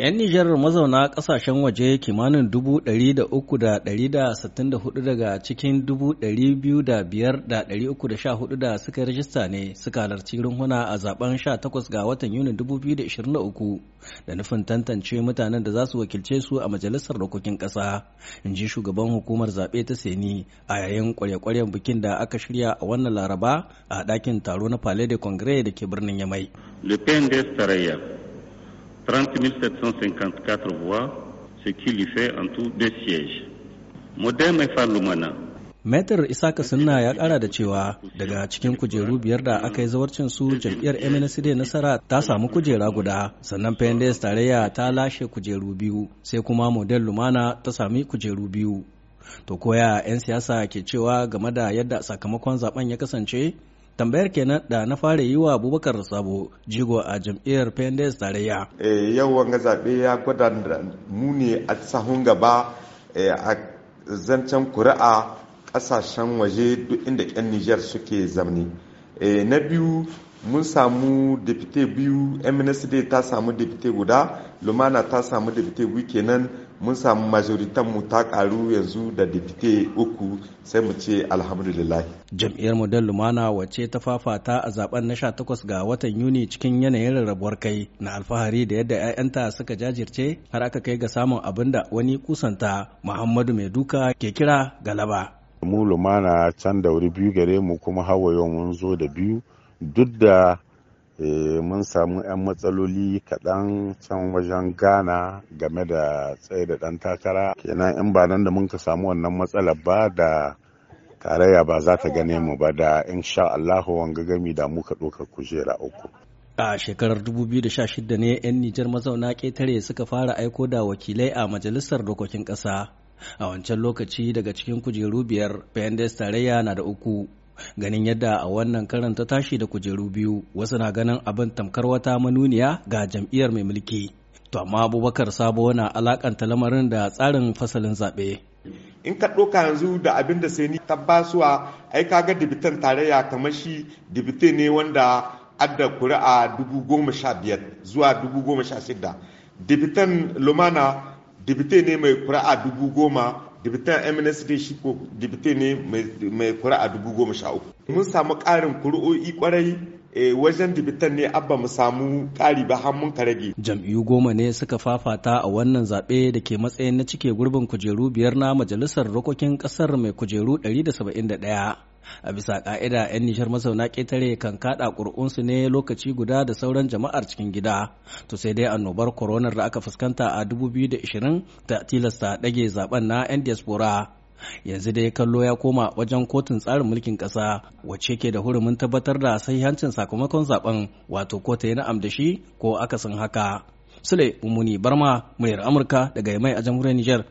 'Yan Nijar mazauna ƙasashen waje kimanin 300,364 daga cikin 205,314 da suka rajista ne suka halarci runhuna a zaben 18 ga watan Yuni 2023 da nufin tantance mutanen da za su wakilce su a Majalisar Dokokin Ƙasa, in ji shugaban hukumar zaɓe ta Seni a yayin kwarye-kwaryen bikin da aka shirya a wannan Laraba a ɗakin taro na Palais de Congrès da ke birnin Yamai. Le PNDS tarayya 30 754 voix, ce qui lui fait en tout deux sièges. Modem Maitar Isaka Sunna ya kara da cewa daga cikin kujeru biyar da aka yi zawarcin su jam'iyyar MNCD nasara ta samu kujera guda sannan PNDS tarayya ta lashe kujeru biyu sai kuma model Lumana ta sami kujeru biyu. To koya 'yan siyasa ke cewa game da yadda sakamakon zaben ya kasance? tambayar kenan da na fara yi wa abubakar sabo jigo a jam'iyyar pendes tarayya eh, yau wanga zaɓe ya gwada mu ne a sahun gaba eh, a zancen kuri'a ƙasashen waje duk inda 'yan nijar suke zamani. Eh, na biyu mun samu depute biyu mnsd ta samu depute guda lumana ta samu depute biyu kenan mun samu majoritan mu ta karu yanzu da depute uku sai mu ce alhamdulillah jam'iyyar model lumana wace ta fafata a zaben na 18 ga watan yuni cikin yanayin rarrabuwar kai na alfahari da yadda 'ya'yanta suka jajirce har aka kai ga samun abin da wani kusanta muhammadu mai duka ke kira galaba mu lumana can da wuri biyu gare mu kuma hawa yau mun zo da biyu duk da eh, mun samu 'yan matsaloli kaɗan can wajen gana game da tsaye da ɗan takara kenan in ba nan da mun ka samu wannan matsala ba da tarayya ba za ta gane mu ba da insha Allahu wanga gami da muka ɗaukar kujera uku a shekarar 2016 ne 'yan nijar mazauna ketare suka fara aiko da wakilai a majalisar dokokin ƙasa a wancan lokaci daga cikin kujeru biyar pendes tarayya na da uku ganin yadda a wannan karan ta tashi da kujeru biyu wasu na ganin abin tamkar wata manuniya ga jam'iyyar mai mulki to amma abubakar sabo na alakanta lamarin da tsarin fasalin zaɓe in ka ɗauka yanzu da abin da sai ni tabbasuwa ai ga dibitan tarayya kamar shi dibite ne wanda adda kuri'a dubu goma sha biyar zuwa dubu goma sha shida dibitan lumana dibite ne mai kura a dubu goma dibitan MNSD shi ko dibite ne mai kura a dubu goma sha uku. Mun samu ƙarin kuri'o'i kwarai e, wajen dibitan ne abba mu samu kari ba har mun rage. Jam'iyyu goma ne suka fafata a wannan zaɓe da ke matsayin na cike gurbin kujeru biyar na majalisar rokokin ƙasar mai kujeru 171. a bisa ka'ida 'yan nishar mazauna ƙetare kan kada ƙuri'unsu ne lokaci guda da sauran jama'ar cikin gida to sai dai annobar koronar da aka fuskanta a 2020 ta tilasta dage zaben na 'yan diaspora yanzu dai kallo ya koma wajen kotun tsarin mulkin ƙasa wacce ke da hurumin tabbatar da sahihancin sakamakon zaben wato ko ta yi na'am da shi ko akasin haka sule umuni barma muryar amurka daga mai a jamhuriyar niger